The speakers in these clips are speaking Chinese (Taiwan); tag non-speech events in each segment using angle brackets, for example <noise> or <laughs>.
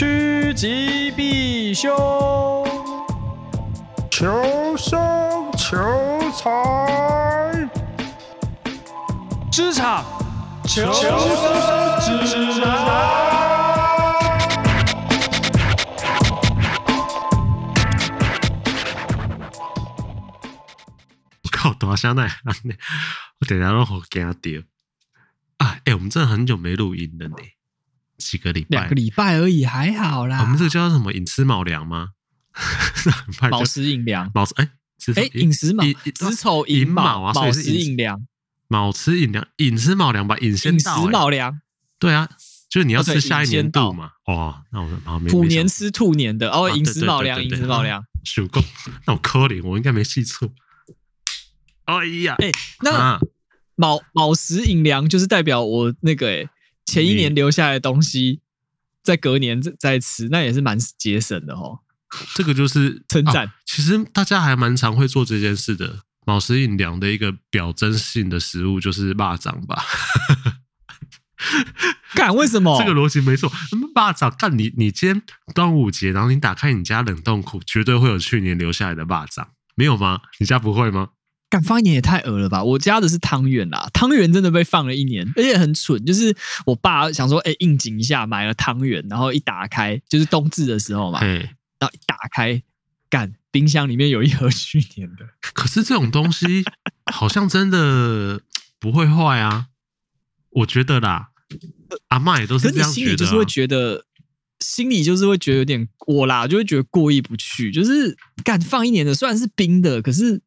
趨吉避凶，求生求財，職場求生指南。我靠，多香奈，我天哪，我好驚掉啊！哎，我們真的很久沒錄音了呢。幾個禮拜，兩個禮拜而已，還好啦。我們這個叫做什麼？寅食卯糧嗎？卯 <laughs> 食寅糧，卯食哎，哎、欸，寅食卯，子丑寅卯啊，卯、啊、食寅糧，卯吃寅糧，寅吃卯糧吧，寅先到卯糧、欸。對啊，就是你要吃下一年度嘛。啊、哦，那我說啊，虎年吃兔年的哦，寅、啊、食卯糧，寅、啊、食卯糧。屬、啊、狗，那我柯林，我應該沒記錯。 <laughs> 哎呀，哎，那卯卯、啊、食寅糧，就是代表我那個哎、欸。前一年留下來的東西，在隔年再再吃，那也是蠻節省的哦。這個就是稱讚、啊。其實大家還蠻常會做這件事的。卯時飲涼的一個表徵性的食物就是肉粽吧？ <laughs> 幹？為什麼？這個邏輯沒錯。肉粽，幹，你你今天端午節，然後你打開你家冷凍庫，絕對會有去年留下來的肉粽，沒有嗎？你家不會嗎？幹放一年也太噁了吧！我家的是湯圓啦，湯圓真的被放了一年，而且很蠢，就是我爸想說，哎、欸，應景一下，買了湯圓，然後一打開，就是冬至的時候嘛，然後一打開，幹，冰箱裡面有一盒去年的。可是這種東西好像真的不會壞啊， <laughs> 我覺得啦，阿嬤也都是這樣覺得、啊，心裡就是會覺得，心裡就是會覺得有點我啦，就會覺得過意不去，就是幹放一年的，雖然是冰的，可是。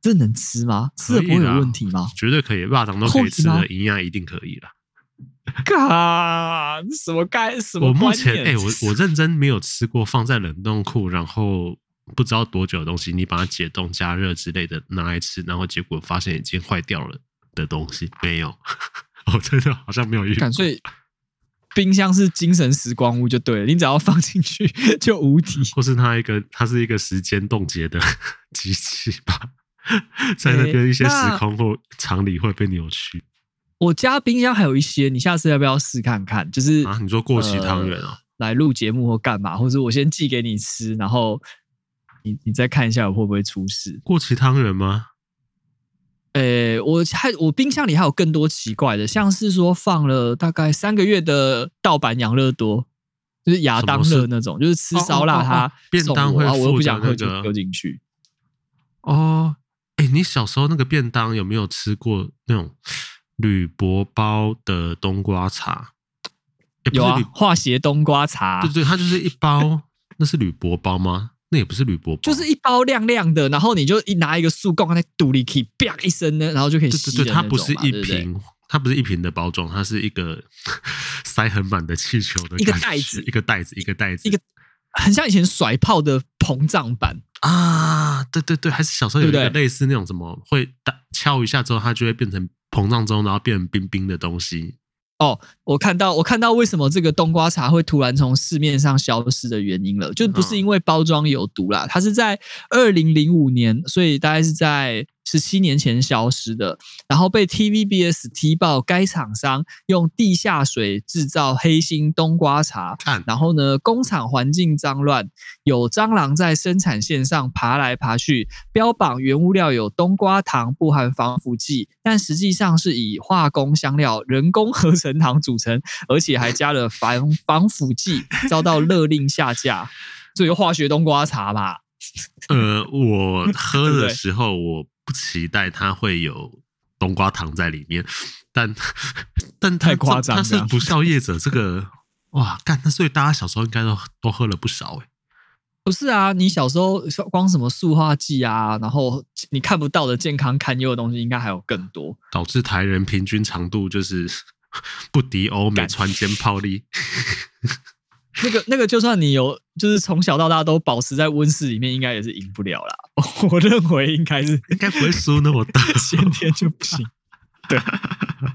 這能吃嗎？吃了不會有問題嗎？絕對可以，臘腸都可以吃的，營養一定可以啦。靠，什麼幹什麼幹什麼？我目前、欸、我我認真沒有吃過放在冷凍庫，然後不知道多久的東西，你把它解凍、加熱之類的拿來吃，然後結果發現已經壞掉了的東西沒有。 <laughs> 我真的好像沒有遇過。所以冰箱是精神時光屋就對了，你只要放進去就無敵。或是它一個，它是一個時間凍結的機器吧。 <laughs> 在那邊一些時空或常、欸、理會被扭曲。我家冰箱還有一些，你下次要不要試看看？就是啊，你說過期湯圓啊，呃、來錄節目或幹嘛？或者我先寄給你吃，然後你你再看一下我會不會出事？過期湯圓嗎？誒、欸，我還我冰箱裡還有更多奇怪的，像是說放了大概三個月的盜版養樂多，就是亞當樂那種，就是吃燒臘它便當會附着那種，然後我又不想喝，丟進去哦。哎、欸，你小時候那個便當有沒有吃過那種鋁箔包的冬瓜茶？欸、不是有啊，化學冬瓜茶。對，對對，它就是一包， <laughs> 那是鋁箔包嗎？那也不是鋁箔包，就是一包亮亮的，然後你就一拿一個塑料蓋在獨立起，啪一聲呢，然後就可以吸。對，對對，它不是一瓶，對不對，它不是一瓶的包裝，它是一個 <laughs> 塞很滿的氣球的一個袋子，一個袋子，一個袋子，一個。一個很像以前甩炮的膨脹版啊，對對對，還是小時候有一個類似那種什麼，對對會打敲一下之後它就會變成膨脹中，然後變成冰冰的東西。哦，我看到我看到為什麼這個冬瓜茶會突然從市面上消失的原因了，就不是因為包裝有毒啦，哦，它是在二零零五年，所以大概是在。十七年前消失的，然後被 TVBS 踢爆，該廠商用地下水製造黑心冬瓜茶，嗯、然後呢，工廠環境髒亂，有蟑螂在生產線上爬來爬去，標榜原物料有冬瓜糖，不含防腐劑，但實際上是以化工香料、人工合成糖組成，而且還加了防防腐劑， <laughs> 遭到勒令下架，這個化學冬瓜茶吧。呃，我喝的時候我。 <laughs> 期待它會有冬瓜糖在裡面，但但他太誇張，它是不肖業者。 <laughs> 這個哇，幹！那所以大家小時候應該都都喝了不少哎、欸。不是啊，你小時候光什麼塑化劑啊，然後你看不到的健康堪憂的東西，應該還有更多，導致台人平均長度就是不敵歐美船堅炮利。 <laughs> 那 <laughs> 個那個，那個、就算你有，就是從小到大都保持在溫室裡面，應該也是贏不了啦。 <laughs> 我認為應該是，應該不會輸那麼大，先 <laughs> 天就不行。 <laughs> 對，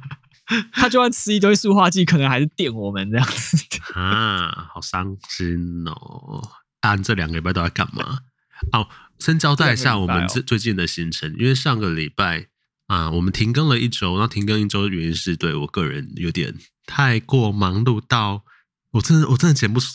<laughs> 他就算吃一堆塑化劑，可能還是電我們這樣子啊，好傷心哦。但、啊、這兩個禮拜都在幹嘛？ <laughs> 哦，先交代一下這、哦、我們最最近的行程，因為上個禮拜啊，我們停更了一周，那停更一周的原因是，對我個人有點太過忙碌到。我真的我真的擠不出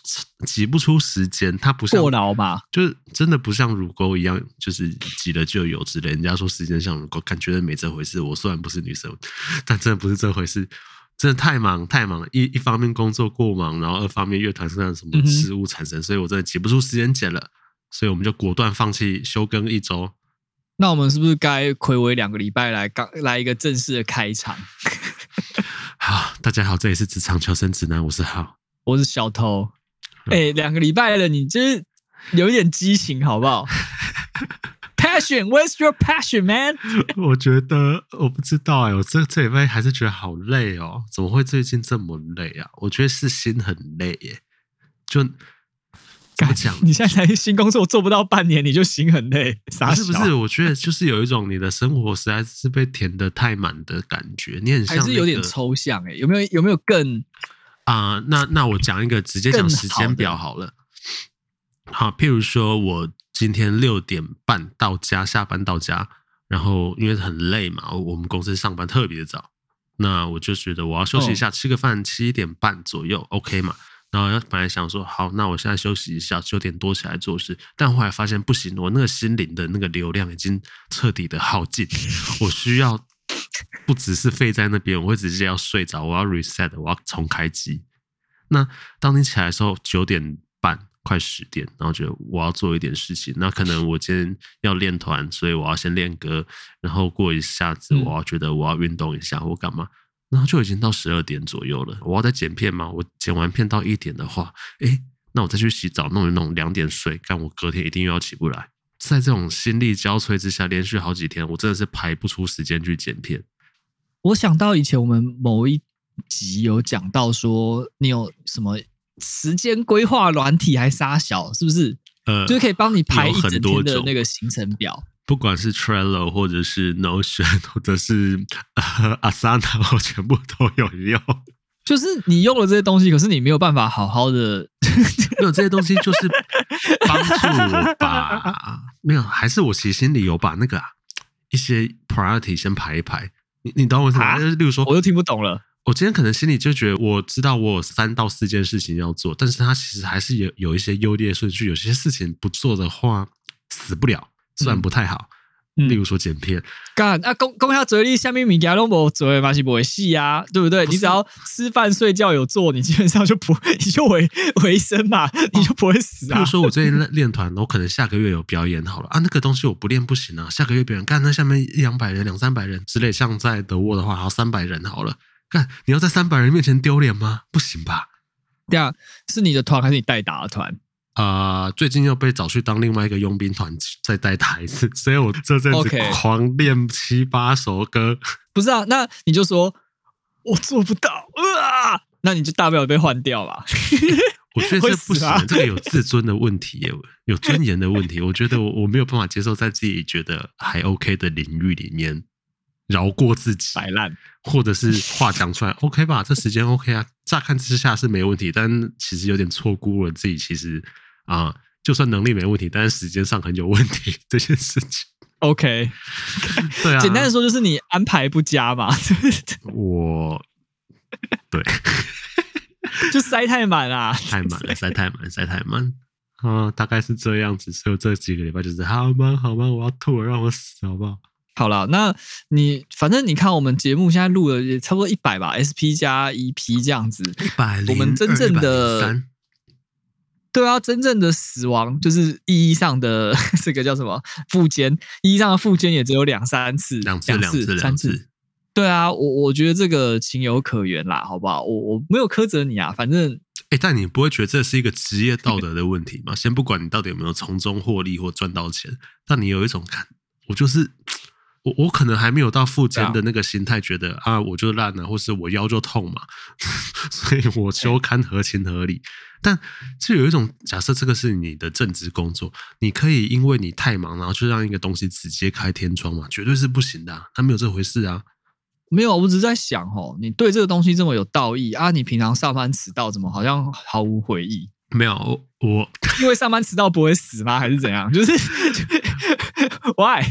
擠不出時間，它不像過勞吧？就是真的不像乳溝一樣，就是擠了就有之類，人家說時間像乳溝，感覺沒這回事。我雖然不是女生，但真的不是這回事。真的太忙太忙了，一一方面工作過忙，然後二方面樂團身上什麼失誤產生、嗯，所以我真的擠不出時間剪了。所以我們就果斷放棄休更一周。那我們是不是該睽違兩個禮拜來剛來一個正式的開場？ <laughs> 好，大家好，這裡是職場求生指南，我是浩。我是小偷，哎、嗯欸，兩個禮拜了你，你就是有點激情，好不好 <laughs> ？Passion，Where's your passion, man？ <laughs> 我覺得我不知道哎、欸，我這這禮拜還是覺得好累哦、喔，怎麼會最近這麼累啊？我覺得是心很累耶、欸，就怎麼講？ <laughs> 你現在才新工作，做不到半年你就心很累，啥？不是不是，我覺得就是有一種你的生活實在是被填得太滿的感覺，你很像、那個、還是有點抽象哎、欸，有沒有有沒有更？啊、呃，那那我講一個，直接講時間表好了。好，好，譬如說我今天六點半到家，下班到家，然後因為很累嘛，我們公司上班特別的早，那我就覺得我要休息一下，哦、吃個飯，七點半左右 OK 嘛。然後本來想說好，那我現在休息一下，九點多起來做事，但後來發現不行，我那個心靈的那個流量已經徹底的耗盡，我需要。不只是廢在那邊，我會直接要睡着，我要 reset，我要重開機。那當你起來的時候，九點半快十點，然後覺得我要做一點事情。那可能我今天要練團，所以我要先練歌，然後過一下子，我要覺得我要運動一下或幹嘛，嗯，然後就已經到十二點左右了。我要再剪片嗎？我剪完片到一點的話，哎、欸，那我再去洗澡弄一弄，兩點睡，但我隔天一定又要起不來。在這種心力交瘁之下，連續好幾天，我真的是排不出時間去剪片。我想到以前我們某一集有講到說，你有什麼時間規劃軟體還殺小是不是？呃，就可以幫你排很多的那個行程表，不管是 Trello 或者是 Notion 或者是呃 Asana，我、哦、全部都有用。就是你用了這些東西，可是你沒有辦法好好的。 <laughs> 沒有這些東西就是幫助吧？沒有，還是我其實心裡有把那個啊，一些 priority 先排一排。你你懂我意思嗎？啊、例如說，我又聽不懂了。我今天可能心裡就覺得，我知道我有三到四件事情要做，但是它其實還是有有一些優劣順序，有些事情不做的話死不了，雖然不太好。嗯例如說剪片。嗯，幹啊！工工下嘴裡下面米吉阿龍波，作為巴西波的戲呀，對不對不？你只要吃飯睡覺有做，你基本上就不，你就維維生嘛，哦，你就不會死啊。比如說我最近練練團， <laughs> 我可能下個月有表演好了啊，那個東西我不練不行啊。下個月表演，幹那下面一兩百人，兩三百人之類，像在德沃的話，然後三百人好了，幹你要在三百人面前丟臉嗎？不行吧？第，嗯、二，是你的團還是你代打的團？啊、呃！最近又被找去當另外一個傭兵團，再帶台一次，所以我這陣子狂練七八首歌，okay. 不是啊？那你就說我做不到啊？那你就大不了被換掉了 <laughs> 欸。我確實不喜歡，這個有自尊的問題、欸，有尊嚴的問題。我覺得我我沒有辦法接受，在自己覺得還 OK 的領域裡面，饒過自己擺爛，或者是話講出來 <laughs> OK 吧？這時間 OK 啊？乍看之下是沒問題，但其實有點錯估了自己。其實。啊，就算能力沒問題，但是時間上很有問題，這件事情。OK， <laughs> 對啊，簡單的說就是你安排不佳吧？我，對， <laughs> 就塞太滿啦、啊、太滿了，了，塞太滿，塞太滿。啊，大概是這樣子，所以這幾個禮拜就是好忙好忙，我要吐了，讓我死好不好？好了，那你反正你看我們節目現在錄了也差不多一百吧，SP 加 EP 這樣子102，我們真正的。對啊，真正的死亡就是意義上的這個叫什麼復健，意義上的復健也只有兩三次，兩次、兩次、三次、兩次。對啊，我我覺得這個情有可原啦，好不好？我我沒有苛責你啊，反正。哎、欸，但你不會覺得這是一個職業道德的問題嗎、嗯？先不管你到底有沒有從中獲利或賺到錢，但你有一種感，我就是我，我可能還沒有到復健的那個心態，覺得啊、啊，我就爛了、啊，或是我腰就痛嘛， <laughs> 所以我就看合情合理。欸但這有一種假設，這個是你的正職工作，你可以因為你太忙，然後就讓一個東西直接開天窗嘛？絕對是不行的、啊，它、啊、沒有這回事啊！沒有，我只是在想，哦，你對這個東西這麼有道義啊，你平常上班遲到，怎麼好像毫無悔意？沒有，我因為上班遲到不會死嗎？還是怎樣？就是 <laughs> why？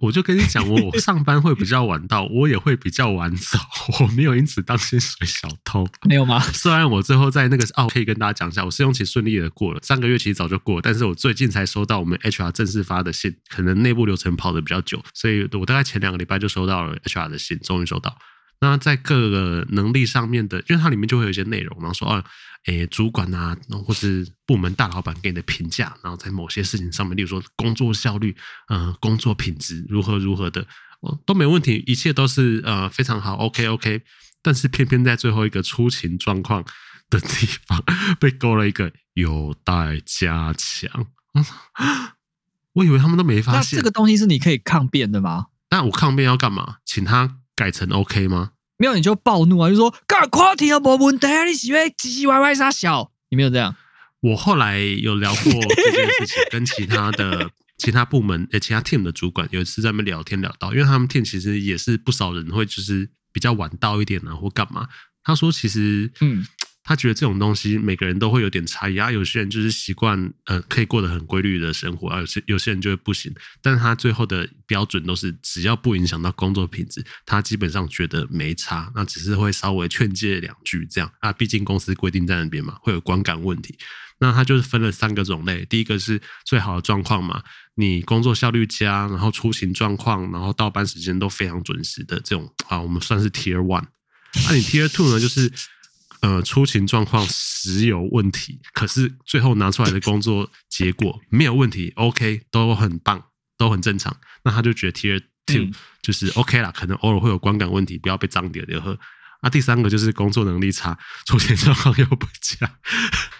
我就跟你講，我上班會比較晚到，我也會比較晚走，我沒有因此當薪水小偷。沒有嗎？雖然我最後在那個哦，可以跟大家講一下，我試用期順利的過了，三個月其實早就過了，但是我最近才收到我們 H R 正式發的信，可能內部流程跑得比較久，所以我大概前兩個禮拜就收到了 H R 的信，終於收到。那在各個能力上面的，因為它裡面就會有一些內容，然後說哦、啊，誒，主管吶、啊，或是部門大老闆給你的評價，然後在某些事情上面，例如說工作效率，嗯、呃，工作品質如何如何的，哦，都沒問題，一切都是呃非常好，OK OK，但是偏偏在最後一個出勤狀況的地方被勾了一個有待加強。嗯、我以為他們都沒發現。那這個東西是你可以抗辯的嗎？那我抗辯要幹嘛？請他。改成 OK 嗎？沒有你就暴怒啊，就說 God quality of our department，你只會唧唧歪歪三小，你沒有這樣。我後來有聊過這件事情， <laughs> 跟其他的其他部門誒、欸，其他 team 的主管有一次在那邊聊天聊到，因為他們 team 其實也是不少人會就是比較晚到一點呢、啊，或幹嘛。他說其實嗯。他覺得這種東西每個人都會有點差異啊，有些人就是習慣，呃，可以過得很規律的生活啊，有些有些人就會不行。但是他最後的標準都是只要不影響到工作品質，他基本上覺得沒差，那只是會稍微勸誡兩句這樣啊。畢竟公司規定在那邊嘛，會有觀感問題。那他就是分了三個種類，第一個是最好的狀況嘛，你工作效率佳，然後出勤狀況，然後到班時間都非常準時的這種啊，我們算是 Tier One。啊。那你 Tier Two 呢，就是。呃，出勤狀況是有問題，可是最後拿出來的工作結果沒有問題 <laughs> ，OK，都很棒，都很正常。那他就覺得 Tier Two、嗯、就是 OK 啦，可能偶爾會有觀感問題，不要被髒點點喝。那、啊、第三個就是工作能力差，出勤狀況又不佳。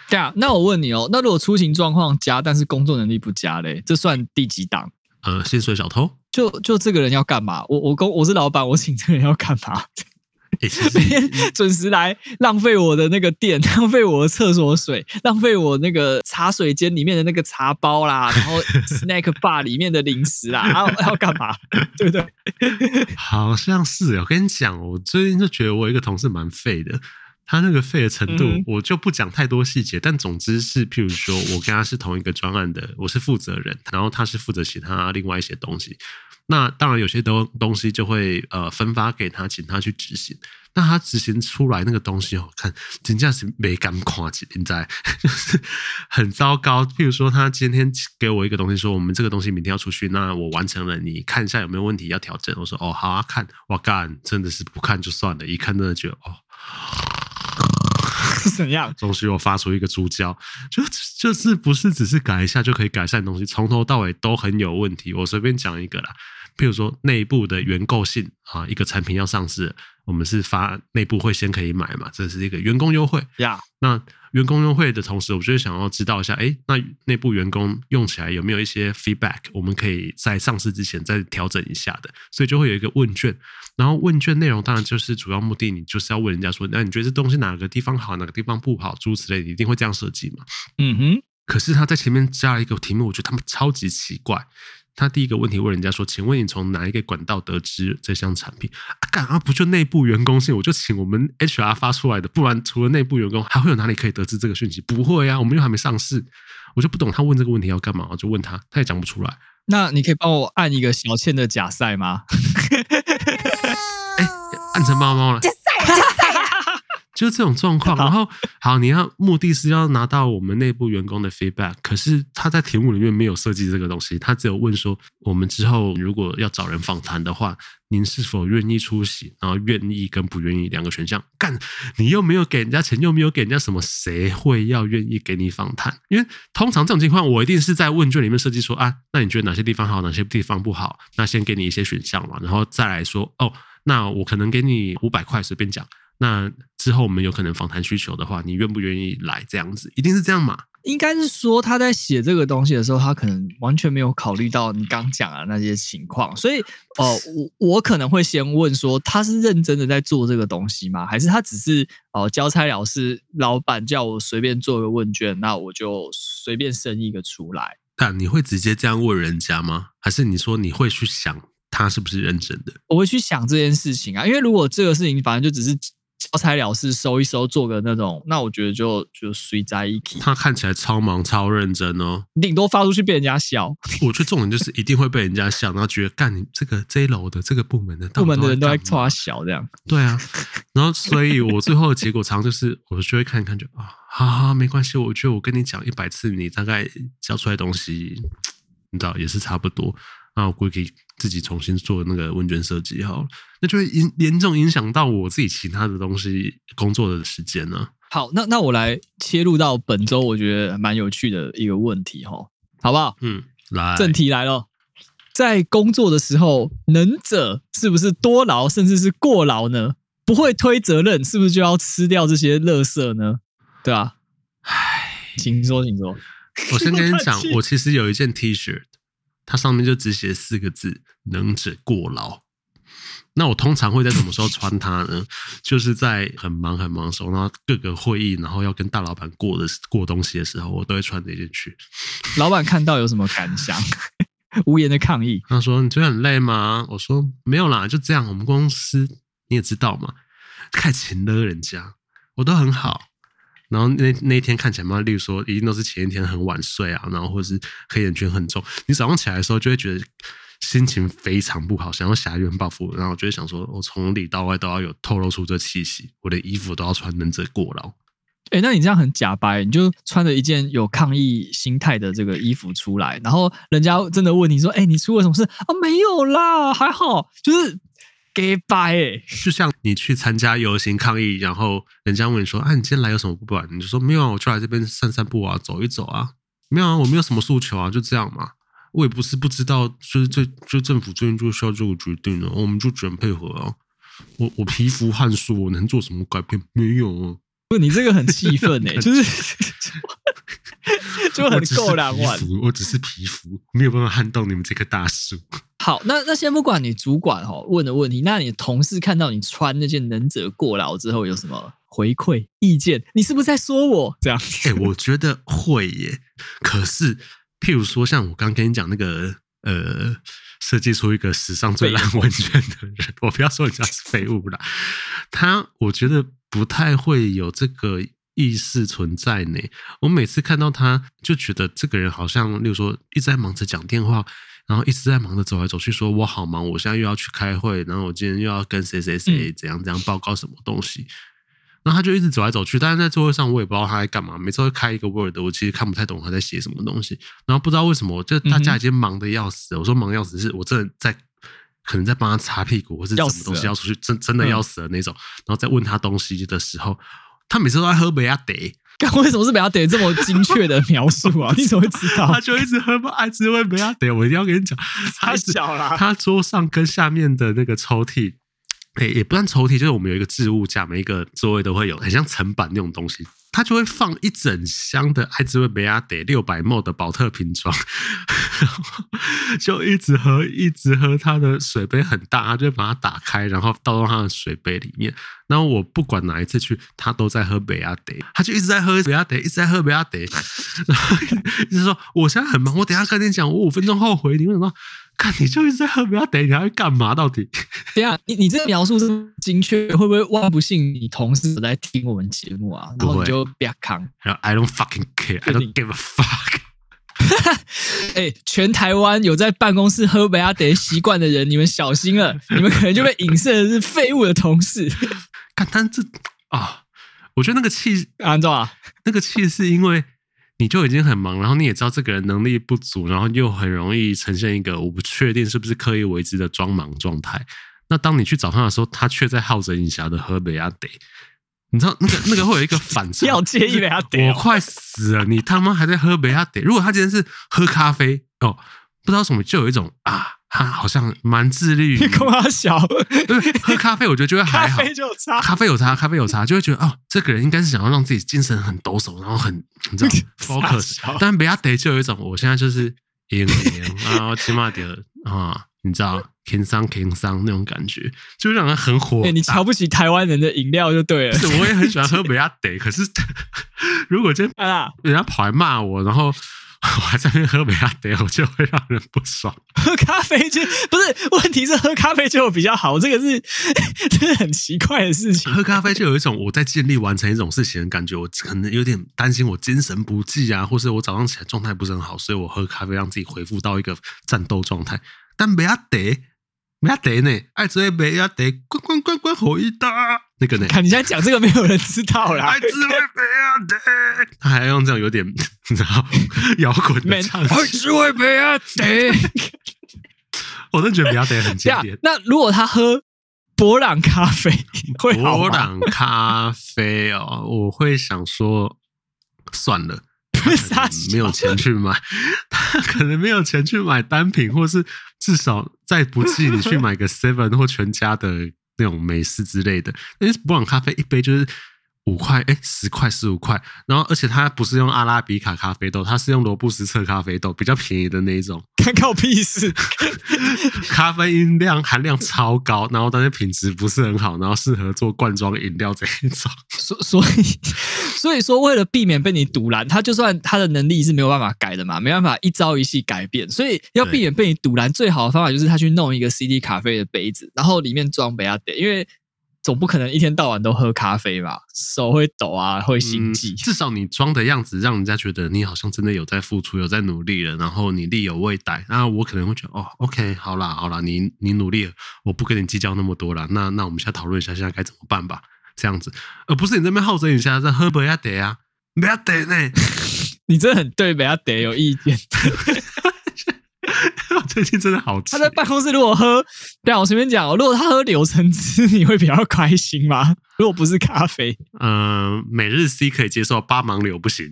對啊，那我問你哦，那如果出勤狀況加，但是工作能力不佳嘞，這算第幾檔？呃，薪水小偷。就就這個人要幹嘛？我我我是老闆，我請這個人要幹嘛？欸、每天準時來，浪費我的那個電，浪費我的廁所水，浪費我那個茶水間裡面的那個茶包啦，然後 snack bar 裡面的零食啦， <laughs> 然後要幹嘛？對不對？好像是哦，我跟你講，我最近就覺得我一個同事蠻廢的。他那個廢的程度，我就不講太多細節。嗯、但總之是，譬如說我跟他是同一個專案的，我是負責人，然後他是負責其他另外一些東西。那當然有些東東西就會呃分發給他，請他去執行。那他執行出來那個東西，嗯、我看真的是沒敢誇，現在 <laughs> 就是很糟糕。譬如說，他今天給我一個東西說，說我們這個東西明天要出去，那我完成了，你看一下有沒有問題要調整。我說哦，好、啊、看。我幹，真的是不看就算了，一看真的覺得哦。怎樣？東西我發出一個豬叫，就就是不是只是改一下就可以改善的東西，從頭到尾都很有問題。我隨便講一個啦。譬如說，內部的員工性啊，一個產品要上市，我們是發內部會先可以買嘛，這是一個員工優惠。呀，那員工優惠的同時，我就是想要知道一下，欸，那內部員工用起來有沒有一些 feedback？我們可以在上市之前再調整一下的，所以就會有一個問卷。然後問卷內容當然就是主要目的，你就是要問人家說，那你覺得這東西哪個地方好，哪個地方不好，諸如此類，你一定會這樣設計嘛。嗯哼。可是他在前面加了一個題目，我覺得他們超級奇怪。他第一個問題問人家說：“請問你從哪一個管道得知這項產品？幹啊，啊，不就內部員工信？我就請我們 HR 發出來的，不然除了內部員工，還會有哪裡可以得知這個訊息？不會呀，啊，我們又還沒上市，我就不懂他問這個問題要幹嘛。”我就問他，他也講不出來。那你可以幫我按一個小倩的假賽嗎？哎， <laughs> <laughs> <laughs> 欸，按成貓貓了。就這種狀況，然後好，你要目的是要拿到我們內部員工的 feedback，可是他在題目裡面沒有設計這個東西，他只有問說，我們之後如果要找人訪談的話，您是否願意出席？然後願意跟不願意兩個選項。幹，你又沒有給人家錢，又沒有給人家什麼，誰會要願意給你訪談？因為通常這種情況，我一定是在問卷裡面設計說啊，那你覺得哪些地方好，哪些地方不好？那先給你一些選項嘛，然後再來說哦，那我可能給你五百塊，隨便講。那之後我們有可能訪談需求的話，你願不願意來這樣子？一定是這樣嘛？應該是說他在寫這個東西的時候，他可能完全沒有考慮到你剛講的那些情況，所以，哦、呃，我我可能會先問說，他是認真的在做這個東西嗎？還是他只是哦、呃、交差了事？老闆叫我隨便做個問卷，那我就隨便生一個出來。但你會直接這樣問人家嗎？還是你說你會去想他是不是認真的？我會去想這件事情啊，因為如果這個事情反正就只是。交差了事，收一收，做個那種，那我覺得就就隨在一起。他看起來超忙超認真哦，頂多發出去被人家笑。我覺得這種人就是一定會被人家笑， <laughs> 然後覺得幹你這個這一樓的這個部門的部門的人都在戳他笑這樣。對啊，然後所以我最後的結果常，常就是我就會看一看就，就 <laughs> 啊，哈哈，沒關係，我覺得我跟你講一百次，你大概講出來東西，你知道也是差不多。那我估計可以自己重新做那個問卷設計哈，那就會影，嚴重影響到我自己其他的東西工作的時間呢。好，那那我來切入到本周我覺得蠻有趣的一個問題哈，好不好？嗯，來，正題來了，在工作的時候，能者是不是多勞，甚至是過勞呢？不會推責任，是不是就要吃掉這些垃圾呢？對啊，哎，請說，請說。我先跟你講， <laughs> 我其實有一件 T 恤。它上面就只寫四個字：能者過勞。那我通常會在什麼時候穿它呢？就是在很忙很忙的時候，然後各個會議，然後要跟大老闆過的過東西的時候，我都會穿這件去。老闆看到有什麼感想？ <laughs> 無言的抗議。他說：“你覺得很累嗎？”我說：“沒有啦，就這樣。我們公司你也知道嘛，太勤了，人家我都很好。”然後那那一天看起來嘛，例如說一定都是前一天很晚睡啊，然後或是黑眼圈很重。你早上起來的時候就會覺得心情非常不好，想要下霞冤報復。然後我就會想說，我、哦、從裡到外都要有透露出這氣息，我的衣服都要穿能者過勞。哎、欸，那你這樣很假白，你就穿着一件有抗議心態的這個衣服出來，然後人家真的問你說：“哎、欸，你出了什麼事啊？”沒有啦，還好，就是。給拜、欸，就像你去參加遊行抗議，然後人家問你說：“啊，你今天來有什麼不滿？”你就說：“沒有啊，我就來這邊散散步啊，走一走啊，沒有啊，我沒有什麼訴求啊，就這樣嘛。”我也不是不知道，就是就，就政府最近就需要這個決定了，我們就只能配合。我我蚍蜉撼樹，我能做什麼改變？沒有、啊。不，你這個很氣憤哎， <laughs> 就是。 <laughs> <laughs> 就很夠兩我只是皮膚， <laughs> 我只是皮膚沒有辦法撼動你們這棵大樹。好，那那先不管你主管哦問的問題，那你同事看到你穿那件能者過勞之後有什麼回饋意見？你是不是在說我這樣？哎、欸，我覺得會耶。可是，譬如說，像我剛跟你講那個呃，設計出一個史上最爛問卷的人， <laughs> 我不要說人家是廢物啦， <laughs> 他我覺得不太會有這個。意識存在呢。我每次看到他就覺得這個人好像例如說一直在忙着講電話，然後一直在忙着走來走去，說我好忙，我現在又要去開會，然後我今天又要跟誰誰誰怎樣怎樣報告什麼東西。然後他就一直走來走去，但是在座位上我也不知道他在幹嘛。每次會開一個 Word，我其實看不太懂他在寫什麼東西。然後不知道為什麼，就大家已經忙得要死。我說忙得要死，是我真的在可能在幫他擦屁股，或者什麼東西要出去，真真的要死了那種。然後在問他東西的時候。他每次都在喝麥仔茶。剛為什麼是麥仔茶這麼精確的描述啊？ <laughs> 你怎麼會知道？他就一直喝，一直喝麥仔茶。我一定要跟你講，太小了、啊。他桌上跟下面的那個抽屜。誒、欸，也不算抽屜，就是我們有一個置物架，每一個座位都會有，很像層板那種東西，他就會放一整箱的愛滋味貝亞德六百 m 的保特瓶裝， <laughs> 就一直喝，一直喝，他的水杯很大，它就會把它打開，然後倒到他的水杯裡面。然後我不管哪一次去，他都在喝貝亞德，他就一直在喝貝亞德，一直在喝貝亞德， <laughs> 然後一直說我現在很忙，我等下跟你講，我、哦、五分鐘後回你，為什麼？看，你就是在喝麥仔茶，你還在幹嘛？到底？等下，你你這個描述是精確，會不會萬不幸你同事在聽我們節目啊？然後你就不要扛。然、no, 後 I don't fucking care, I don't give a fuck。哎、 <laughs> 欸，全台灣有在辦公室喝麥仔茶習慣的人， <laughs> 你們小心了，你們可能就被影射的是廢物的同事。看， <laughs> 但這啊、哦，我覺得那個氣勢、啊，你知道那個氣是因為。你就已經很忙，然後你也知道這個人能力不足，然後又很容易呈現一個我不確定是不是刻意為之的裝忙狀態。那當你去找他的時候，他卻在好整以暇的喝麥仔茶。你知道那個那個會有一個反差，要 <laughs> 介意的麥仔茶，就是、我快死了， <laughs> 你他媽還在喝麥仔茶。如果他今天是喝咖啡哦。不知道什麼，就有一種啊，他、啊、好像蠻自律。你跟我小對，對，喝咖啡我覺得就會還好。咖啡就差，咖啡有差，咖啡有差，就會覺得啊、哦，這個人應該是想要讓自己精神很抖擻，然後很你知道 focus。但麥仔茶就有一種，我現在就是飲料，然後我起碼得啊，你知道，king song king song 那種感覺，就會讓人很火、欸。你瞧不起台灣人的飲料就對了。是，我也很喜歡喝麥仔茶， <laughs> 可是如果真啊，人家跑來罵我，然後。 <laughs> 我還在那喝麥仔茶，我就會讓人不爽。喝咖啡就不是問題，是喝咖啡就比較好。這個是， <laughs> 真的很奇怪的事情。喝咖啡就有一種我在盡力完成一種事情的感覺。我可能有點擔心我精神不濟啊，或是我早上起來狀態不是很好，所以我喝咖啡讓自己恢復到一個戰鬥狀態。但麥仔茶。麥仔茶呢？愛之味麥仔茶，滾滾滾滾火一大。那個呢？看你現在講這個，沒有人知道啦。愛之味麥仔茶他還要用這樣有點，你知道，搖滾唱。愛之味麥仔茶，我真的覺得麥仔茶很經典。那如果他喝博朗咖啡會好嗎？博朗咖啡哦，我會想說算了。可能沒有錢去買，他可能沒有錢去買單品，或是至少再不濟你去買個 seven 或全家的那種美式之類的，但是布朗咖啡一杯就是。五塊，哎、欸，十塊，十五塊，然後而且它不是用阿拉比卡咖啡豆，它是用羅布斯特咖啡豆，比較便宜的那種。看靠屁事！ <laughs> 咖啡因量含量超高，然後但是品質不是很好，然後適合做罐裝飲料這一種。所所以所以說，為了避免被你堵攔，他就算他的能力是沒有辦法改的嘛，沒辦法一朝一夕改變，所以要避免被你堵攔，最好的方法就是他去弄一個 CD 咖啡的杯子，然後裡面裝杯啊點，因為。總不可能一天到晚都喝咖啡吧？手會抖啊，會心悸。嗯、至少你裝的樣子，讓人家覺得你好像真的有在付出，有在努力了。然後你力有未逮，那、啊、我可能會覺得，哦，OK，好啦，好啦，你你努力了，我不跟你計較那麼多了。那那我們現在討論一下，現在該怎麼辦吧？這樣子，而、呃、不是你這邊好整一下，這喝麥仔茶啊，麥仔茶呢？ <laughs> 你真的很對，麥仔茶有意見。 <laughs> 最近真的好吃。他在辦公室如果喝，對，我隨便講，如果他喝柳橙汁，你會比較開心嗎？如果不是咖啡，嗯、呃，每日 C 可以接受，八芒流不行。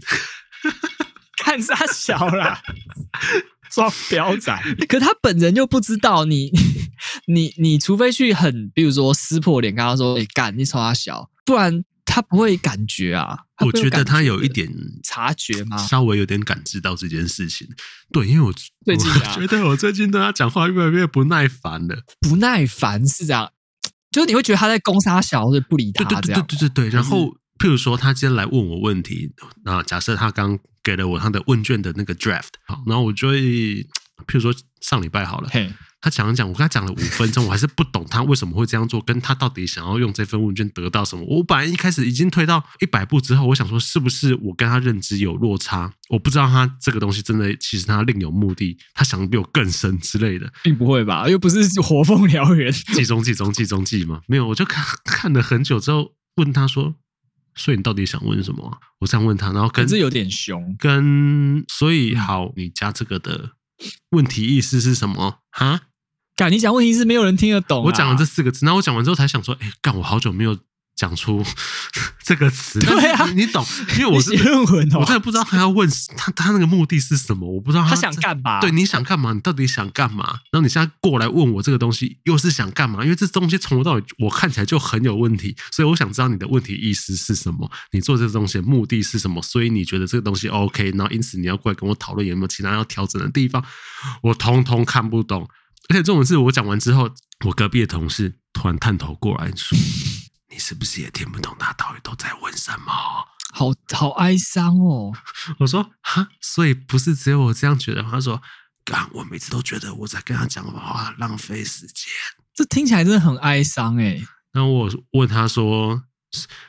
<laughs> 看啥小啦雙標 <laughs> 仔。可是他本人又不知道你，你你你除非去很，比如說撕破臉，跟他說，哎幹，你瞅他小，不然。他不會感覺啊感覺？我覺得他有一點察覺嗎？稍微有點感知到這件事情，對，因為我最近、啊、我覺得我最近對他講話越來越不耐煩了。不耐煩是這樣，就是你會覺得他在攻殺小的不理他這樣，這對對,對對對對。然後，譬如說他今天來問我問題，那假設他剛給了我他的問卷的那個 draft，好，然後我就會譬如說上禮拜好了。他講講，我跟他講了五分鐘，我還是不懂他為什麼會這樣做，跟他到底想要用這份問卷得到什麼。我本來一開始已經推到一百步之後，我想說是不是我跟他認知有落差？我不知道他這個東西真的，其實他另有目的，他想的比我更深之類的，並不會吧？又不是火鳳燎原，計 <laughs> 中計，中計，中計嘛。沒有，我就看了很久之後問他說：“所以你到底想問什麼啊？”我這樣問他，然後跟這有點兇，跟所以好，你加這個的問題意思是什麼？哈？幹，你講問題是沒有人聽得懂、啊。我講了這四個字，然後我講完之後才想說，哎、欸，幹，我好久沒有講出 <laughs> 這個詞。對啊，你懂？因為我是, <laughs> 是文文、哦、我真的不知道他要問他他那個目的是什麼，我不知道他,他想幹嘛。對，你想幹嘛？你到底想幹嘛？然後你現在過來問我這個東西，又是想幹嘛？因為這東西從頭到尾我看起來就很有問題，所以我想知道你的問題的意思是什麼，你做這個東西的目的是什麼？所以你覺得這個東西 OK？然後因此你要過來跟我討論有沒有其他要調整的地方，我通通看不懂。而且這種事我講完之後，我隔壁的同事突然探頭過來說：“你是不是也聽不懂他到底都在問什麼？好，好哀傷哦。”我說：“哈，所以不是只有我這樣覺得。”他說：“剛，我每次都覺得我在跟他講的話浪費時間。”這聽起來真的很哀傷哎、欸。那我問他說：“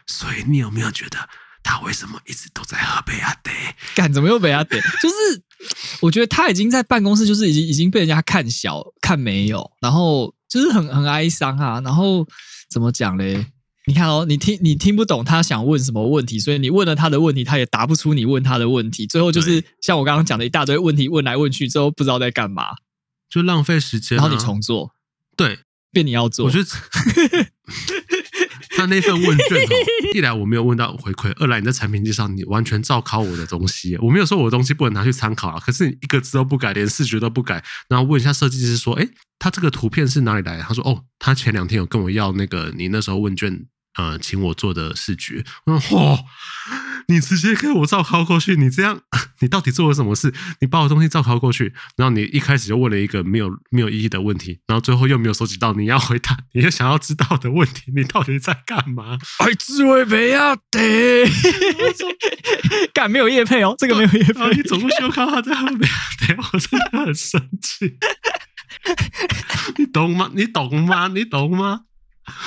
所以你有沒有覺得？”他為什麼一直都在喝麥仔茶？幹怎麼又麥仔茶？就是我覺得他已經在辦公室，就是已經已經被人家看小看沒有，然後就是很很哀傷啊。然後怎麼講嘞？你看哦，你聽你聽不懂他想問什麼問題，所以你問了他的問題，他也答不出你問他的問題。最後就是像我剛剛講的一大堆問題，問來問去之後不知道在幹嘛，就浪費時間啊。然後你重做，對，變你要做，我覺得。 <laughs> 那份問卷哦，一來我沒有問到回饋，二來你在產品介紹你完全照抄我的東西，我沒有說我的東西不能拿去參考啊，可是你一個字都不改，連視覺都不改，然後問一下設計師說，哎、欸，他這個圖片是哪裡來的？他說，哦，他前兩天有跟我要那個你那時候問卷。呃、嗯，請我做的視覺，我說嚯，你直接給我照抄過去，你這樣，你到底做了什麼事？你把我東西照抄過去，然後你一開始就問了一個沒有沒有意義的問題，然後最後又沒有收集到你要回答，你要想要知道的問題，你到底在幹嘛？哎，智慧不要得，幹 <laughs> 沒有業配哦，這個沒有業配， <laughs> 你怎麼修考好？這不要得，我真的很生氣， <laughs> 你懂嗎？你懂嗎？你懂嗎？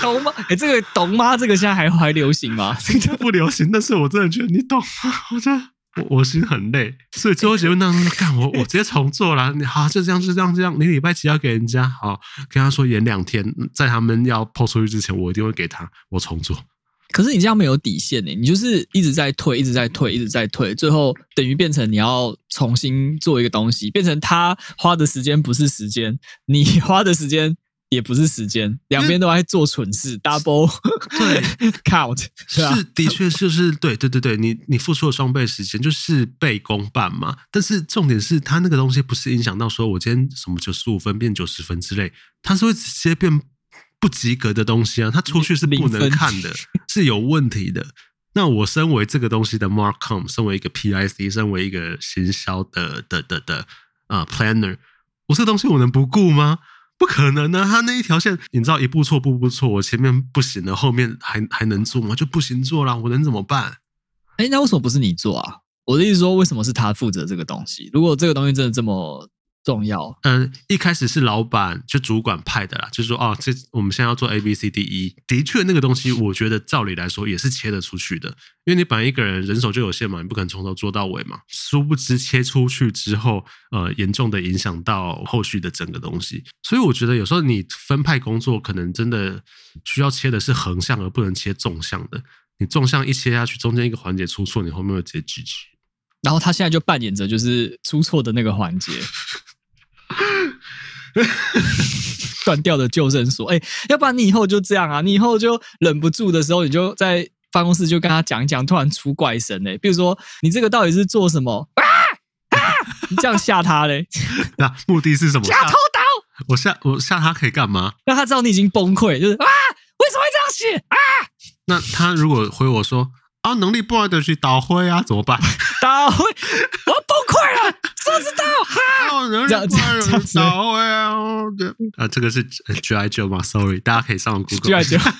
懂嗎？哎、欸，這個懂嗎？這個現在還還流行嗎？現在不流行。但是我真的覺得你懂嗎？我真的，我心很累。所以最後結論呢？幹 <laughs> 我，我直接重做了。你好，就這樣，就這樣，這樣。你禮拜幾要給人家？好，跟他說延兩天，在他們要 post 出去之前，我一定會給他，我重做。可是你這樣沒有底線呢、欸？你就是一直在推，一直在推，一直在推，最後等於變成你要重新做一個東西，變成他花的時間不是時間，你花的時間。也不是時間，兩邊都在做蠢事，double 對 <laughs> count 對、啊是,就是，的確就是對對對對，你你付出了雙倍時間，就是事倍功半嘛。但是重點是，它那個東西不是影響到說我今天什麼九十五分變九十分之類，它是會直接變不及格的東西啊。它出去是不能看的，是有問題的。那我身為這個東西的 mark com 身為一個 pic，身為一個行銷的的的的啊、呃、planner，我這個東西我能不顧嗎？不可能呢，他，那一條線，你知道一步錯，步步錯，我前面不行了，後面還還能做嗎？就不行做了啊，我能怎麼辦？欸，那為什麼不是你做啊？我的意思說，為什麼是他負責這個東西？如果這個東西真的這麼……重要。嗯，一開始是老闆就主管派的啦，就是說啊、哦，這我們現在要做 A B C D E，的確那個東西我覺得照理來說也是切得出去的，因為你本來一個人人手就有限嘛，你不可能從頭做到尾嘛。殊不知切出去之後，呃，嚴重的影響到後續的整個東西。所以我覺得有時候你分派工作，可能真的需要切的是橫向而不能切縱向的。你縱向一切下去，中間一個環節出錯，你後面會直接 GG。然後他現在就扮演着就是出錯的那個環節。 <laughs> 斷 <laughs> 掉的救生索、欸。要不然你以後就這樣啊！你以後就忍不住的時候，你就在辦公室就跟他講一講，突然出怪聲嘞、欸。比如說，你這個到底是做什麼啊？啊 <laughs> 你這樣嚇他嘞？ <laughs> 那目的是什麼？假偷刀。我嚇我嚇他可以幹嘛？讓 <laughs> 他知道你已經崩潰，就是啊，為什麼會這樣寫啊？ <laughs> 那他如果回我說啊，能力不好的去倒灰啊，怎麼辦？ <laughs> 倒灰，我要崩潰了。 <laughs> 不知道啊啊，哈、啊，能力太少哎！啊，這個是 G.I. Joe G.I. Joe，Sorry，大家可以上 Google -Ju。G.I. Joe <laughs> G.I. Joe，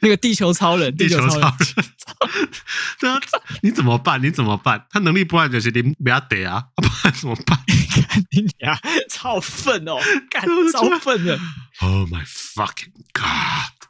那個地球超人，地球超人。超人、超人、啊、你怎麼辦？你怎麼辦？他能力不按等級，不要得啊！怎、啊、麼辦？ <laughs> 你啊，超憤哦，都是超憤的。Oh my fucking god！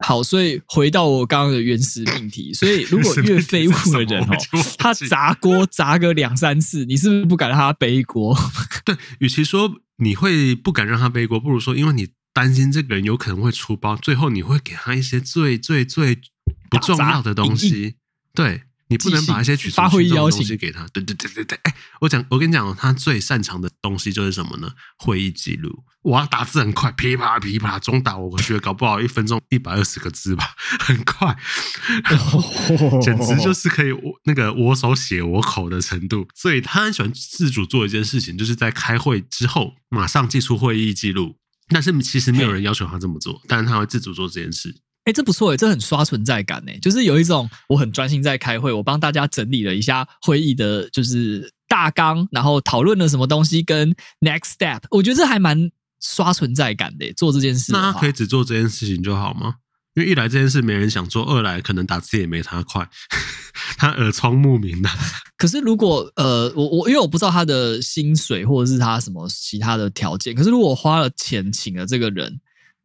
好，所以回到我剛剛的原始命題。所以，如果越廢物的人哦，他砸鍋砸個兩三次， <laughs> 你是不是不敢讓他背鍋？對，與其說你會不敢讓他背鍋，不如說因為你擔心這個人有可能會出包，最後你會給他一些最最最最不重要的東西。對。你不能把一些舉發揮東西給他，對對對對對、欸。我講，我跟你講，他最擅長的東西就是什麼呢？會議記錄，我要打字很快，噼啪噼啪，中打我感覺，搞不好一分鐘一百二十個字吧，很快，哦哦哦哦簡直就是可以那個我手寫我口的程度。所以他很喜歡自主做一件事情，就是在開會之後馬上寄出會議記錄。但是其實沒有人要求他這麼做，但是他會自主做這件事。哎、欸，這不錯耶，這很刷存在感耶，就是有一種我很專心在開會，我幫大家整理了一下會議的就是大綱，然後討論了什麼東西跟 next step，我覺得這還蠻刷存在感的。做這件事，那他可以只做這件事情就好嗎？因為一來這件事沒人想做，二來可能打字也沒他快， <laughs> 他耳聰目明的。可是如果呃，我我因為我不知道他的薪水或者是他什麼其他的條件，可是如果我花了錢請了這個人。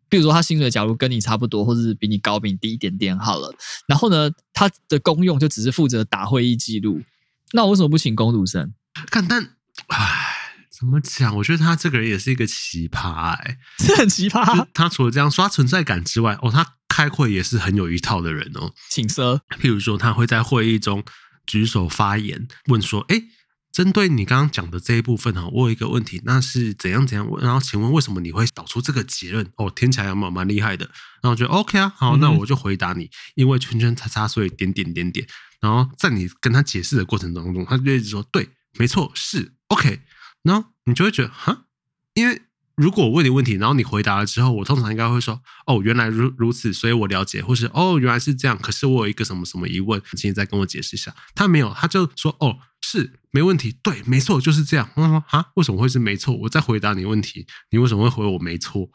比如說他薪水假如跟你差不多，或者是比你高、比你低一點點好了。然後呢，他的功用就只是負責打會議記錄。那我為什麼不請工讀生？看，但唉，怎麼講？我覺得他這個人也是一個奇葩、欸，是很奇葩。就是、他除了這樣刷存在感之外，哦，他開會也是很有一套的人哦，請說。譬如說，他會在會議中舉手發言，問說：“哎。”針對你剛剛講的這一部分哈，我有一個問題，那是怎樣怎樣？然後請問為什麼你會導出這個結論？哦，聽起來蠻蠻厲害的，然後我覺得 OK 啊，好，那我就回答你，嗯嗯，因為圈圈叉叉，所以點點點點。然後在你跟他解釋的過程當中，他就一直說對，沒錯，是 OK。然後你就會覺得哈，因為。如果我問你問題，然後你回答了之後，我通常應該會說：“哦，原來如如此，所以我了解。”或是“哦，原來是這樣。”可是我有一個什麼什麼疑問，請你再跟我解釋一下。他沒有，他就說：“哦，是沒問題，對，沒錯，就是這樣。”我說：“啊，為什麼會是沒錯？我在回答你問題，你為什麼會回我沒錯？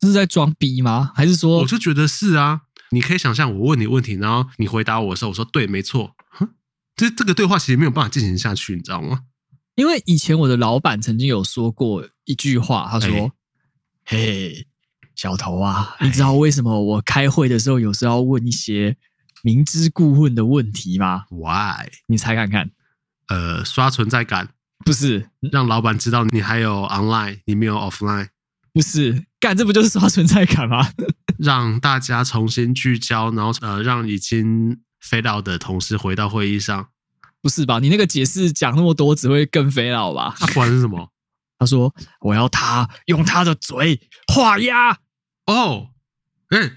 這是在裝逼嗎？還是說……”我就覺得是啊，你可以想象我問你問題，然後你回答我的時候，我說：“對，沒錯。”哼，這這個對話其實沒有辦法進行下去，你知道嗎？因為以前我的老闆曾經有說過。一句話，他說：“嘿、hey, hey,，小頭啊，hey. 你知道為什麼我開會的時候有時候要問一些明知故問的問題嗎？”“Why？” 你猜看看，呃，刷存在感？不是讓老闆知道你還有 online，你沒有 offline？不是，幹這不就是刷存在感嗎？ <laughs> 讓大家重新聚焦，然後呃，讓已經 fade out 的同事回到會議上？不是吧？你那個解釋講那麼多，只會更 fade out 吧？他不管是什麼？ <laughs> 他說：“我要他用他的嘴畫押哦，嗯、oh, 欸，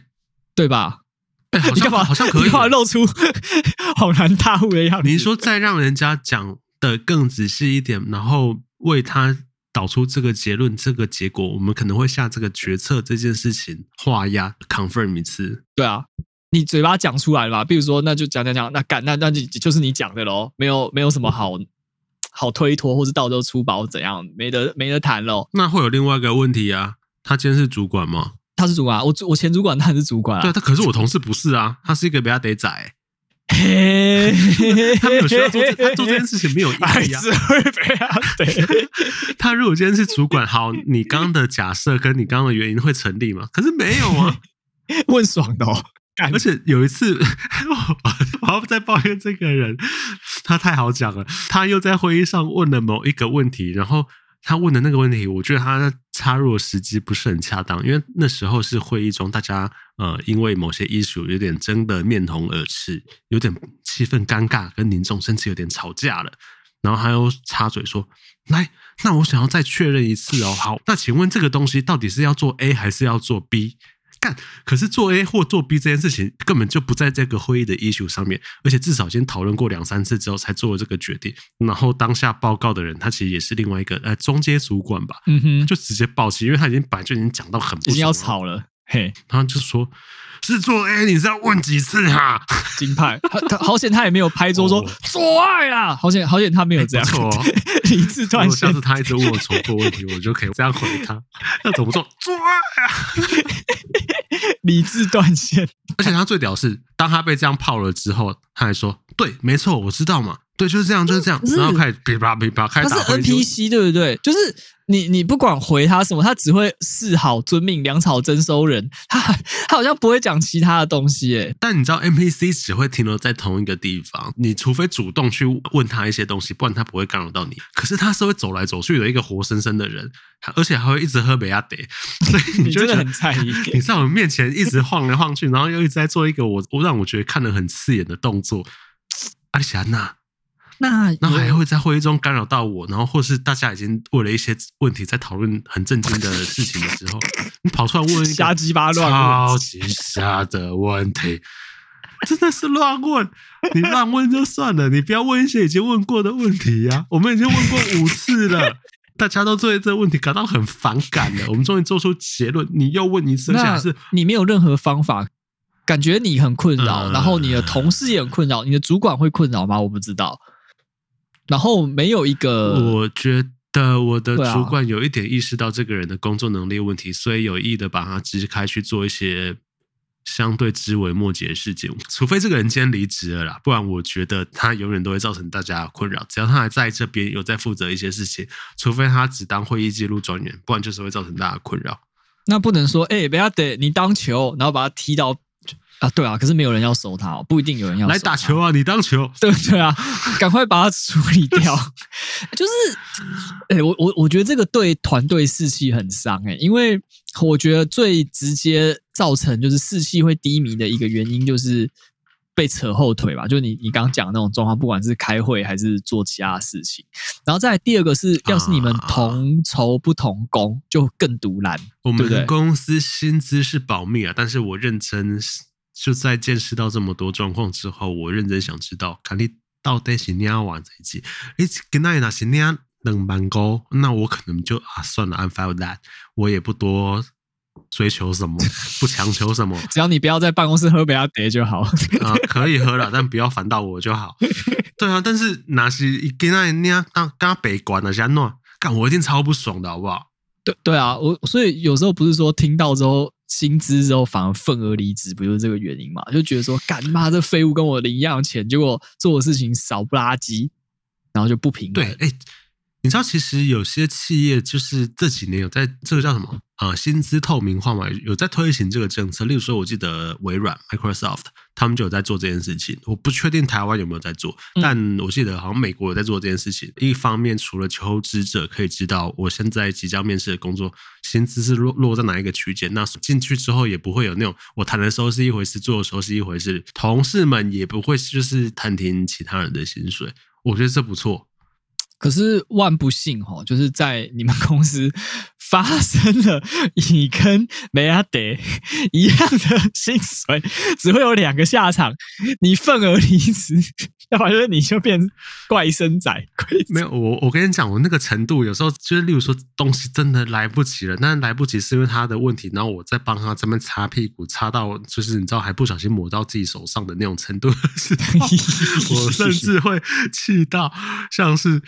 對吧？哎、欸，好像好像可以，你幹嘛露出 <laughs> 恍然大悟的樣子，你說再讓人家講的更仔細一點，然後為他導出這個結論，這個結果，我們可能會下這個決策，這件事情畫押 confirm 一次。對啊，你嘴巴講出來吧。比如說那講講講，那那那，那就講講講，那敢那那就就是你講的嘍，沒有沒有什麼好。 <laughs> ”好推脫，或是到時候出包怎樣，沒得沒得談嘍。那會有另外一個問題啊？他今天是主管嗎？他是主管啊，我我前主管，他也是主管啊。對，他可是我同事不是啊，他是一個被他逮仔欸。 <laughs> <laughs> 他沒有需要做，他做這件事情沒有意義啊。 <laughs> 他如果今天是主管，好，你剛剛的假設跟你剛剛的原因會成立嗎？可是沒有啊，問爽的哦。 <laughs> 而且有一次，我我我在抱怨這個人，他太好講了。他又在會議上問了某一個問題，然後他問的那個問題，我覺得他插入的時機不是很恰當，因為那時候是會議中大家呃，因為某些 issue 有點爭得面紅耳赤，有點氣氛尷尬跟凝重，甚至有點吵架了。然後他又插嘴說：“來，那我想要再確認一次哦，好，那請問這個東西到底是要做 A 還是要做 B？” 幹，可是做 A 或做 B 這件事情根本就不在這個會議的 issue 上面，而且至少先討論過兩三次之後才做了這個決定。然後當下報告的人，他其實也是另外一個呃中階主管吧，嗯哼，他就直接報起，其實因為他已經本來就已經講到很不，已經要吵了，嘿，他就說。是做 A 你是要問幾次哈、啊？金派，他他好險，他也沒有拍桌說做、oh. 愛啊！好險，好險，他沒有這樣。錯、欸，哦、 <laughs> 理智斷線。下次他一直問我重複問題，我就可以這樣回答他。那怎麼做？做愛啊！理智斷線。而且他最屌是，當他被這樣泡了之後，他還說：“對，沒錯，我知道嘛。”對，就是這樣，就是這樣。嗯嗯、然後開始噼啪噼啪開打。他是 NPC，對不對？就是你，你不管回他什麼，他只會示好、遵命、糧草徵收人。他他好像不會講其他的東西，耶。但你知道 NPC 只會停留在同一個地方，你除非主動去問他一些東西，不然他不會干擾到你。可是他是會走來走去的一個活生生的人，而且還會一直喝麥仔茶。所以你真的 <laughs> 很菜，你在我們面前一直晃來晃去，然後又一直在做一個我我讓我覺得看的很刺眼的動作，阿里安娜。那那還會在會議中干擾到我，然後或是大家已經為了一些問題在討論很正經的事情的時候，你跑出來問瞎雞巴亂，超級瞎的問題， <laughs> 真的是亂問。你亂問就算了，你不要問一些已經問過的問題啊！我們已經問過五次了，大家都對這個問題感到很反感了。我們終於做出結論，你又問一次是不是，那你沒有任何方法，感覺你很困擾，呃，然後你的同事也很困擾，你的主管會困擾嗎？我不知道。然後沒有一個，我覺得我的主管有一點意識到這個人的工作能力問題，所以有意的把他支開去做一些相對枝微末節的事情。除非這個人今天離職了啦，不然我覺得他永遠都會造成大家的困擾。只要他還在這邊有在負責一些事情，除非他只當會議記錄專員，不然就是會造成大家困擾。那不能說，哎、欸，不要得，你當球，然後把他踢到。啊，對啊，可是沒有人要收他，哦，不一定有人要收他來打球啊。你當球，對對啊，趕快把它處理掉。 <laughs> 就是，哎、欸，我我我覺得這個對團隊士氣很傷哎、欸，因為我覺得最直接造成就是士氣會低迷的一個原因就是被扯後腿吧。就是你你剛剛講的那種狀況，不管是開會還是做其他事情，然後再來第二個是、啊，要是你們同酬不同工，就更獨攬。我們公司薪資是保密啊，但是我認真。就在見識到這麼多狀況之後，我認真想知道，看你到底是哪玩這一季？哎，跟那些那些冷板狗，那我可能就啊算了，I'm fine with that，我也不多追求什麼， <laughs> 不強求什麼，只要你不要在辦公室喝麥仔茶就好。啊，可以喝了， <laughs> 但不要煩到我就好。對啊，但是那些跟那些當跟他悲觀的，像諾，幹，我一定超不爽的，好不好？對對啊，我所以有時候不是說聽到之後。薪資之後反而憤而離職，不就是這個原因嘛？就覺得說，幹嘛這廢物跟我領一樣錢，結果做的事情少不拉幾，然後就不平衡。對，欸你知道，其實有些企業就是這幾年有在這個叫什麼？呃，薪資透明化嘛，有在推行這個政策。例如說，我記得微軟 （Microsoft） 他們就有在做這件事情。我不確定台灣有沒有在做，但我記得好像美國有在做這件事情。嗯。一方面，除了求職者可以知道我現在即將面試的工作薪資是落落在哪一個區間，那進去之後也不會有那種我談的時候是一回事，做的時候是一回事。同事們也不會就是探聽其他人的薪水。我覺得這不錯。可是萬不幸哦，就是在你們公司發生了你跟梅亞德一樣的薪水，只會有兩個下場：你憤而離職，要不然你就變怪生仔。怪仔。沒有，我我跟你講，我那個程度有時候就是，例如說東西真的來不及了，但來不及是因為他的問題，然後我再幫他這邊擦屁股，擦到就是你知道還不小心抹到自己手上的那種程度，是的，我甚至會氣到像是。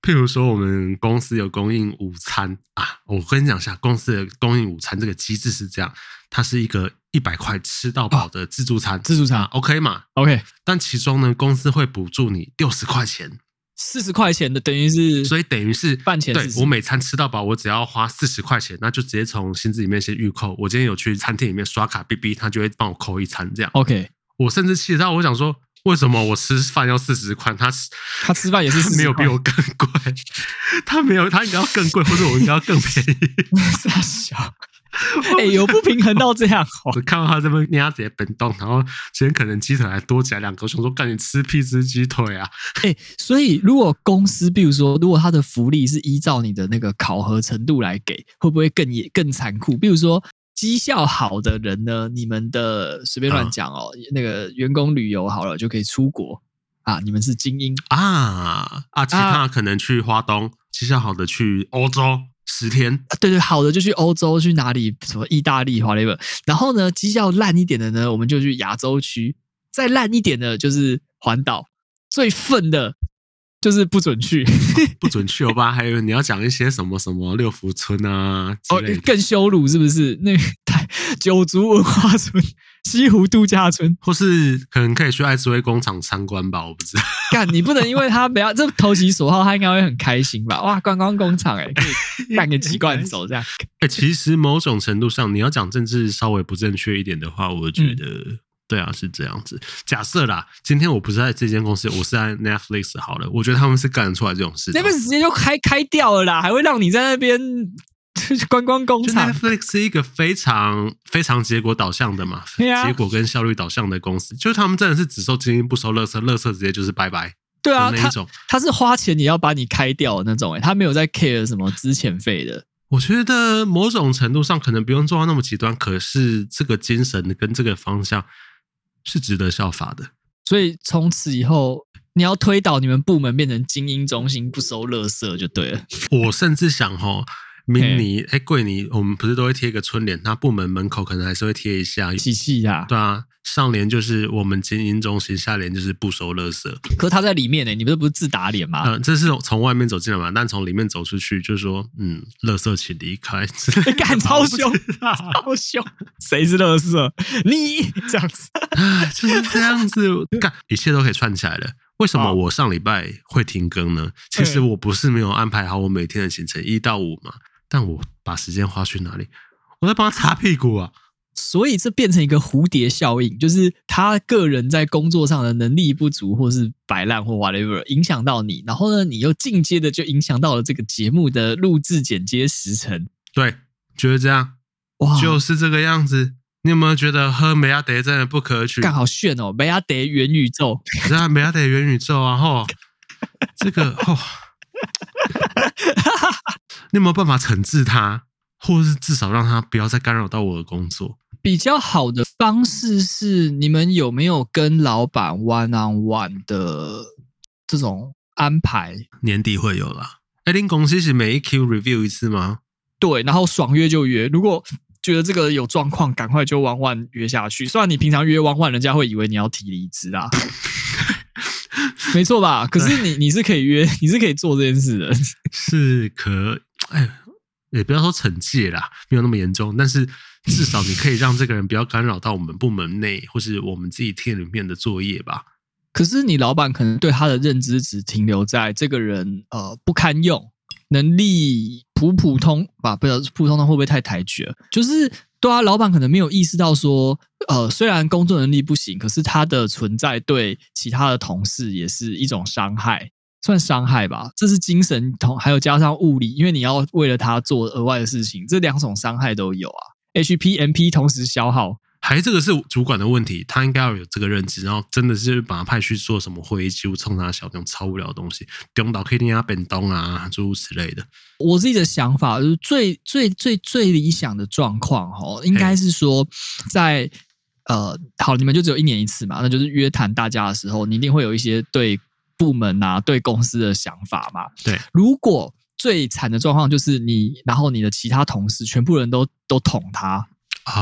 譬如說，我們公司有供應午餐啊，我跟你講一下，公司的供應午餐這個機制是這樣，它是一個一百塊吃到飽的自助餐，哦、自助餐、嗯、OK 嘛？OK，但其中呢，公司會補助你六十塊錢，四十塊錢的等於是，所以等於是半錢。對，我每餐吃到飽，我只要花四十塊錢，那就直接從薪資裡面先預扣。我今天有去餐廳裡面刷卡嗶嗶，他就會幫我扣一餐這樣。OK，我甚至氣到我想說。為什麼我吃飯要四十塊？他吃他吃飯也是沒有比我更貴，他沒有他應該要更貴， <laughs> 或者我應該要更便宜。傻笑，哎、 <laughs> 欸，有不平衡到這樣。我, <laughs> 我看到過 <laughs> 他這邊鴨子也冰凍，然後今天可能雞腿還多起來兩個，我想說趕緊吃屁吃雞腿啊！嘿、欸，所以如果公司，比如說，如果他的福利是依照你的那個考核程度來給，會不會更也更殘酷？比如說。績效好的人呢，你們的隨便亂講哦、啊。那個員工旅遊好了就可以出國啊，你們是精英啊啊，啊其他可能去花東、啊，績效好的去歐洲十天、啊。對對，好的就去歐洲去哪裡？什麼意大利、華萊塢。然後呢，績效爛一點的呢，我們就去亞洲區；再爛一點的就是環島，最憤的。就是不准去， <laughs> 不准去歐巴，還以為你要講一些什麼什麼六福村啊哦，更羞辱是不是？那太、個、九族文化村、西湖度假村，或是可能可以去愛之味工廠參觀吧？我不知道。幹，你不能因為他不要， <laughs> 這投其所好，他應該會很開心吧？哇，觀光工廠哎、欸，幹個奇怪走手這樣。哎 <laughs> 欸，其實某種程度上，你要講政治稍微不正確一點的話，我覺得。嗯對啊，是這樣子。假設啦，今天我不是在這間公司，我是在 Netflix。好了，我覺得他們是幹得出來這種事。那邊直接就開開掉了啦，還會讓你在那邊觀光工廠。Netflix 是一個非常非常結果導向的嘛、啊，結果跟效率導向的公司。就是他們真的是只收精英不收垃圾，不收樂色，樂色直接就是拜拜。對啊，那一種他是花錢也要把你開掉的那種、欸，他沒有在 care 什麼資遣費的。我覺得某種程度上可能不用做到那麼極端，可是這個精神跟這個方向。是值得效法的，所以從此以後，你要推倒你們部門變成精英中心，不收垃圾就對了。 <laughs> 我甚至想吼，明尼，okay. 欸，貴尼，我們不是都會貼一個春聯？他部門門口可能還是會貼一下，喜氣呀，對啊。上聯就是我們經營中心，下聯就是不收垃圾。可是他在裡面呢、欸，你們不，不是自打臉嗎？嗯、呃，這是從外面走進來嘛，但從裡面走出去就是，就說嗯，垃圾請離開。你幹超凶啊，超凶！誰 <laughs> 是垃圾？你這樣子， <laughs> 就是、這樣子 <laughs> 幹，一切都可以串起來了。為什麼我上禮拜會停更呢？Oh. 其實我不是沒有安排好我每天的行程，一、okay. 到五嘛。但我把時間花去哪裡？我在幫他擦屁股啊。所以這變成一個蝴蝶效應，就是他個人在工作上的能力不足，或是擺爛或 whatever，影響到你，然後呢，你又間接的就影響到了這個節目的錄制、剪接時程。對，就是這樣。哇，就是這個樣子。你有沒有覺得喝麥仔茶真的不可取？剛好炫哦，麥仔茶元宇宙。是啊，麥仔茶元宇宙啊。吼 <laughs> 這個哦，吼 <laughs> 你有沒有辦法懲治他，或是至少讓他不要再干擾到我的工作？比較好的方式是，你們有沒有跟老闆 one on one 的這種安排？年底會有啦。a l i n 公司是每一 Q review 一次嗎？對，然後爽約就約，如果覺得這個有狀況，趕快就 one on one 約下去。雖然你平常約 one on one 人家會以為你要提離職啊， <laughs> <laughs> 沒錯吧？可是你你是可以約，你是可以做這件事的，是可哎。也、欸、不要說懲戒啦，沒有那麼嚴重，但是至少你可以讓這個人不要干擾到我們部門內或是我們自己廳裡面的作業吧。可是你老闆可能對他的認知只停留在這個人呃不堪用，能力普普通吧，啊，不要是普通通，會不會太抬舉了？就是對啊，老闆可能沒有意識到說，呃，雖然工作能力不行，可是他的存在對其他的同事也是一種傷害。算傷害吧，這是精神同還有加上物理，因為你要為了他做額外的事情，這兩種傷害都有啊。HP、MP 同時消耗，還這個是主管的問題，他應該要有這個認知，然後真的是把他派去做什麼會議記錄、沖他小朋友超無聊的東西、丟到 KTV 啊、便當啊，諸如此類的。我自己的想法就是最最最最理想的狀況哦，應該是說在、hey. 呃，好，你們就只有一年一次嘛，那就是約談大家的時候，你一定會有一些對。部門吶、啊，對公司的想法嘛，對。如果最慘的狀況就是你，然後你的其他同事全部人都都捅他啊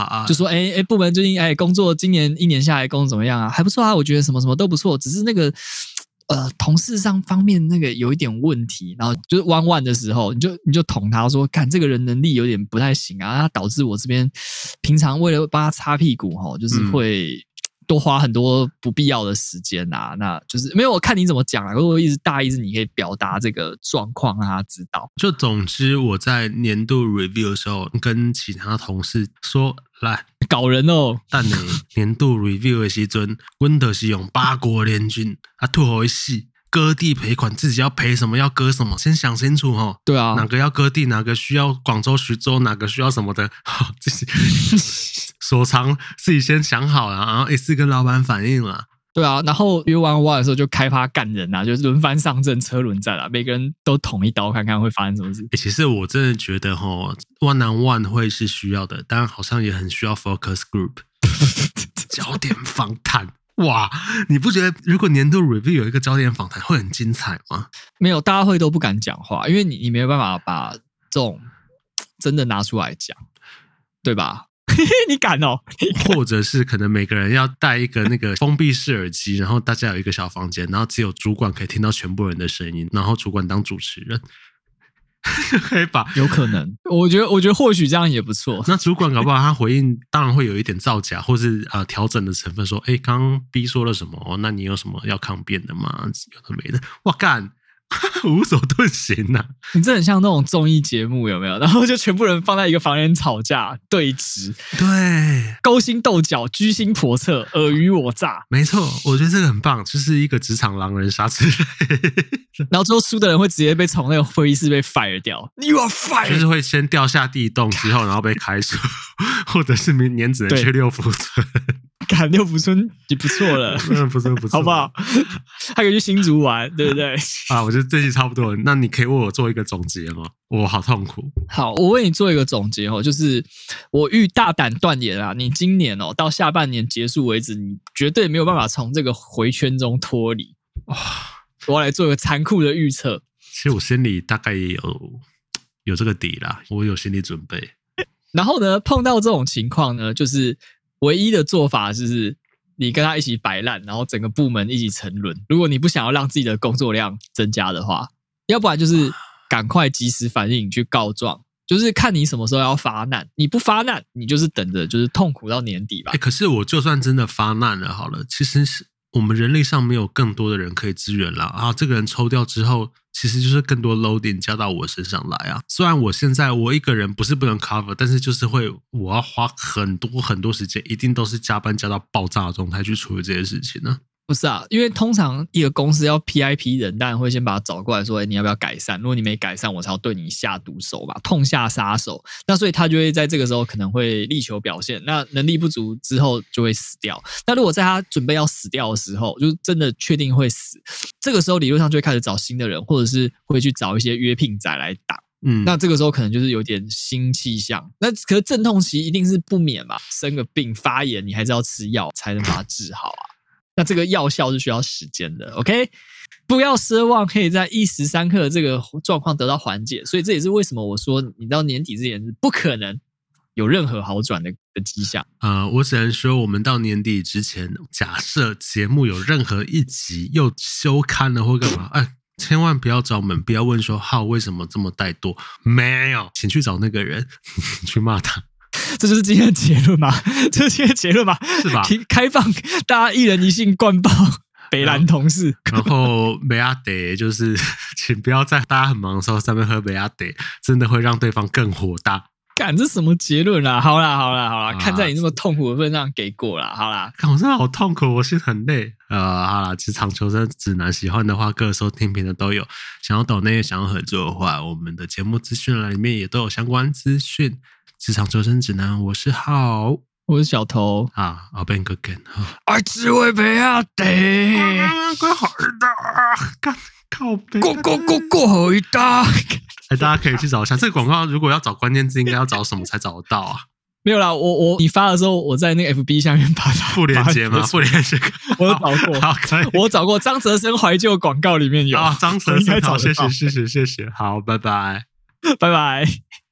啊！就說誒哎、欸欸，部門最近哎、欸，工作今年一年下來工作怎麼樣啊？還不錯啊，我覺得什麼什麼都不錯，只是那個呃同事上方面那個有一點問題，然後就是彎彎的時候，你就你就捅他說，幹這個人能力有點不太行啊，他導致我這邊平常為了幫他擦屁股吼，就是會。嗯多花很多不必要的時間啊，那就是沒有。我看你怎麼講啊？如果一直大意，是你可以表達這個狀況啊，讓他知道？就總之，我在年度 review 的時候，跟其他同事說：“來搞人哦，但你年度 review 的時候 Windows 用八國聯軍啊，吐回系割地賠款，自己要賠什麼，要割什麼，先想清楚哈、哦。”對啊，哪個要割地，哪個需要廣州、徐州，哪個需要什麼的，好、哦，這些。 <laughs> 所長自己先想好了，然後也是跟老闆反映了。對啊，然後約完萬的時候就開發幹人啊，就是輪番上陣，車輪戰啦，每個人都捅一刀，看看會發生什麼事。其實我真的覺得哈、哦、one on one 會是需要的，當然好像也很需要 focus group。 <laughs> 焦點訪談哇，你不覺得如果年度 review 有一個焦點訪談會很精彩嗎？沒有，大會都不敢講話，因為你你沒有辦法把這種真的拿出來講，對吧？ <laughs> 你敢哦？敢或者是可能每個人要帶一個那個封閉式耳機， <laughs> 然後大家有一個小房間，然後只有主管可以聽到全部人的聲音，然後主管當主持人，可以吧？有可能， <laughs> 我覺得，我覺得或許這樣也不錯。 <laughs> 那主管搞不好他回應，當然會有一點造假或是啊呃、調整的成分，說，哎、欸，剛 B 說了什麼、哦？那你有什麼要抗辯的嗎？有的沒的？我幹。 <laughs> 無所遁形吶、啊！你這很像那種綜藝節目，有沒有？然後就全部人放在一個房間吵架對峙，對，勾心鬥角、居心叵測、爾虞我詐。沒錯，我覺得這個很棒，就是一個職場狼人殺之類。然後之後輸的人會直接被從那個會議室被 fire 掉，You are fired，就是會先掉下地洞之後，然後被開除， <laughs> <laughs> 或者是明年只能去六福村。 <laughs> 趕六福村就不，你不錯了，六福不錯，好不好？ <laughs> <laughs> 還可以去新竹玩，對不對？啊，我覺得這期差不多了。那你可以為我做一個總結嗎？我好痛苦。好，我為你做一個總結哦，就是我欲大膽斷言啊，你今年哦到下半年結束為止，你絕對沒有辦法從這個回圈中脫離。哇、哦！我要來做一個殘酷的預測。其實我心裡大概也有有這個底啦，我有心理準備。 <laughs> 然後呢，碰到這種情況呢，就是。唯一的做法就是，你跟他一起擺爛，然後整個部門一起沉淪。如果你不想要讓自己的工作量增加的話，要不然就是趕快及時反應去告狀，就是看你什麼時候要發難。你不發難，你就是等着，就是痛苦到年底吧。哎、欸，可是我就算真的發難了，好了，其實是。我們人力上沒有更多的人可以支援了啊！這個人抽掉之後，其實就是更多 loading 加到我身上來啊。雖然我現在我一個人不是不能 cover，但是就是會，我要花很多很多時間，一定都是加班加到爆炸的狀態去處理這些事情呢、啊。不是啊，因為通常一個公司要 PIP 人，當然會先把他找過來說：“哎、欸，你要不要改善？如果你沒改善，我才要對你下毒手吧，痛下殺手。”那所以他就會在這個時候可能會力求表現。那能力不足之後就會死掉。那如果在他準備要死掉的時候，就真的確定會死，這個時候理論上就會開始找新的人，或者是會去找一些約聘仔來擋。嗯，那這個時候可能就是有點新氣象。那可是陣痛期一定是不免嘛，生個病發炎，你還是要吃藥才能把它治好啊。那這個藥效是需要時間的，OK？不要奢望可以在一時三刻的這個狀況得到緩解，所以這也是為什麼我說你到年底之前是不可能有任何好轉的的跡象。呃，我只能說，我們到年底之前，假設節目有任何一集又休刊了或幹嘛，哎，千萬不要找我們，不要問說浩為什麼這麼怠惰，沒有，請去找那個人 <laughs> 去罵他。這就是今天的結論嘛？這是今天的結論嘛？是吧？開放大家一人一信，灌爆北藍同事。然後麥仔茶就是，請不要在大家很忙的時候在那邊喝麥仔茶，真的會讓對方更火大。幹這什麼結論，啊、好啦？好啦好啦好啦，看在你這麼痛苦的份上給過啦，啊、好了，我真的好痛苦，我心很累。呃、啊，好啦，職場求生指南，喜歡的話各收聽平台都有。想要抖內些，想要合作的話，我們的節目資訊欄裡面也都有相關資訊。職場求生指南，我是好，我是小頭啊，我變個梗哈，愛吃維維亞的，快，啊啊啊、好熱啊，啊，幹！過過過過河一打。哎、呃呃呃呃，大家可以去找一下 <laughs> 這個廣告。如果要找關鍵字，應該要找什麼才找得到啊？ <laughs> 沒有啦，我我你發的時候，我在那個 FB 下面把它附鏈接嗎？附鏈接，我有找過。好好好，可以，我找過張哲生懷舊廣告裡面有張、哦，哲生，謝謝謝謝謝謝，謝謝謝謝 <laughs> 好，拜拜拜拜。Bye bye